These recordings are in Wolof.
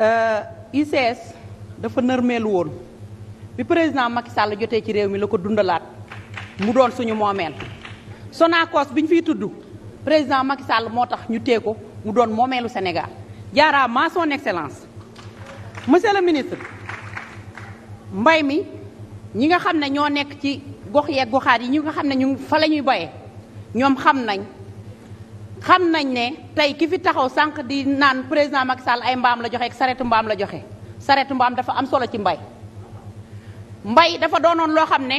ICS euh, dafa nërmeelu woon bi président Macky Sall jotee ci réew mi la ko dundalaat mu doon suñu moomeel Sonacos bi fiy tudd président Macky Sall moo tax ñu téye ko mu doon moomeelu Sénégal jaaraama son excellence monsieur le ministre mbay mi ñi nga xam ne ñoo nekk ci gox yeeg goxaat yi ñi nga xam ne ñu fa la ñuy bayee ñoom xam nañ xam nañ ne tey ki fi taxaw sànq di naan président Macky Sall ay mbaam la joxe ak saretu mbaam la joxe saretu mbaam dafa am solo ci mbay mbay dafa doonoon loo xam ne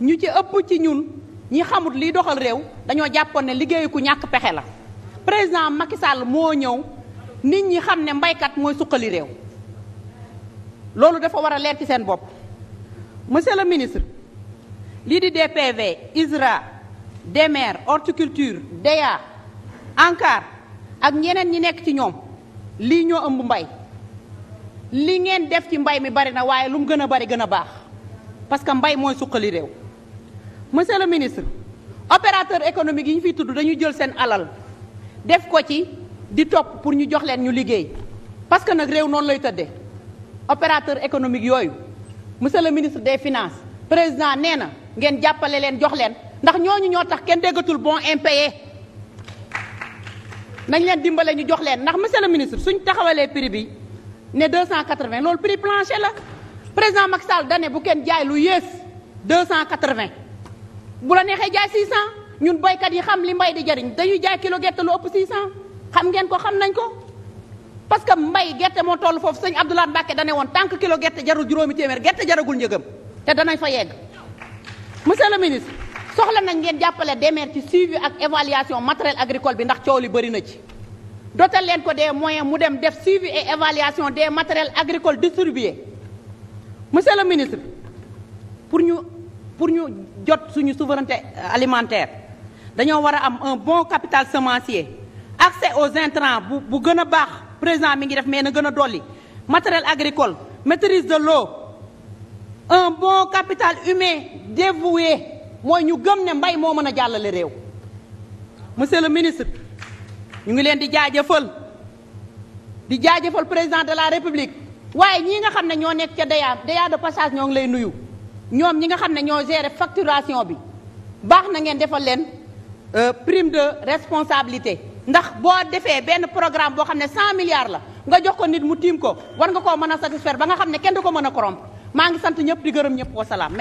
ñu ci ëpp ci ñun ñi xamut liy doxal réew dañoo jàppoon ne liggéeyu ku ñàkk pexe la président Macky Sall moo ñëw nit ñi xam ne mbaykat mooy suqali réew loolu dafa war a leer ci seen bopp monsieur le ministre lii di DPV ISRA DEMER horticulture DEA ANCAR ak ñeneen ñi nekk ci ñoom lii ñoo ëmb mbay li ngeen def ci mbay mi bari na waaye lu mu gën a bari gën a baax parce que mbay mooy suqali réew monsieur le ministre opérateur économique yi ñu fiy tudd dañuy jël seen alal def ko ci di topp pour ñu jox leen ñu liggéey parce que nag réew noonu lay tëddee opérateur économique yooyu monsieur le ministre des finances président nee na ngeen jàppale leen jox leen ndax ñooñu ñoo tax kenn déggatul bon impayé nañ leen dimbale ñu jox leen ndax monsieur le ministre suñ taxawalee prix bi ne 280 loolu prix plancher la président Macky Sall dane bu kenn jaay lu yées 280 bu la neexee jaay 600 ñun boykat yi xam li mbay di jariñ dañuy jaay kilo gerte lu ëpp 600 xam ngeen ko xam nañ ko. parce que mbay gerte moo toll foofu sëñ Abdoulaye Mbacke dane woon tànk que kilo gerte jarul juróomi téeméer gerte jaragul njëgam te danañ fa yegg monsieur le ministre. soxla nañ ngeen jàppale DMER ci suivi ak évaluation matériel agricole bi ndax coow li bëri na ci dotal leen ko des moyens mu dem def suivi et évaluation des matériels agricoles distribués monsieur le ministre pour ñu pour ñu jot suñu souveraineté alimentaire dañoo war a am un bon capital semencier accès aux intrants bu bu gën a baax président mi ngi def mais na gën a dolli matériel agricole maîtrise de l'eau un bon capital humain dévoué mooy ñu gëm ne mbay moo mën a jàllale réew monsieur le ministre ñu ngi leen di jaajëfal di jaajëfal président de la république waaye ñii nga xam ne ñoo nekk ca DEA DEA de passage ñoo ngi lay nuyu ñoom ñi nga xam ne ñoo gérer facturation bi baax na ngeen defal leen euh, prime de responsabilité ndax boo defee benn programme boo xam ne 100 milliards la nga jox ko nit mu tiim ko war nga koo mën a satisfaire ba nga xam ne kenn du ko mën a corrompre maa ngi sant ñëpp di gërëm ñëpp wasalaam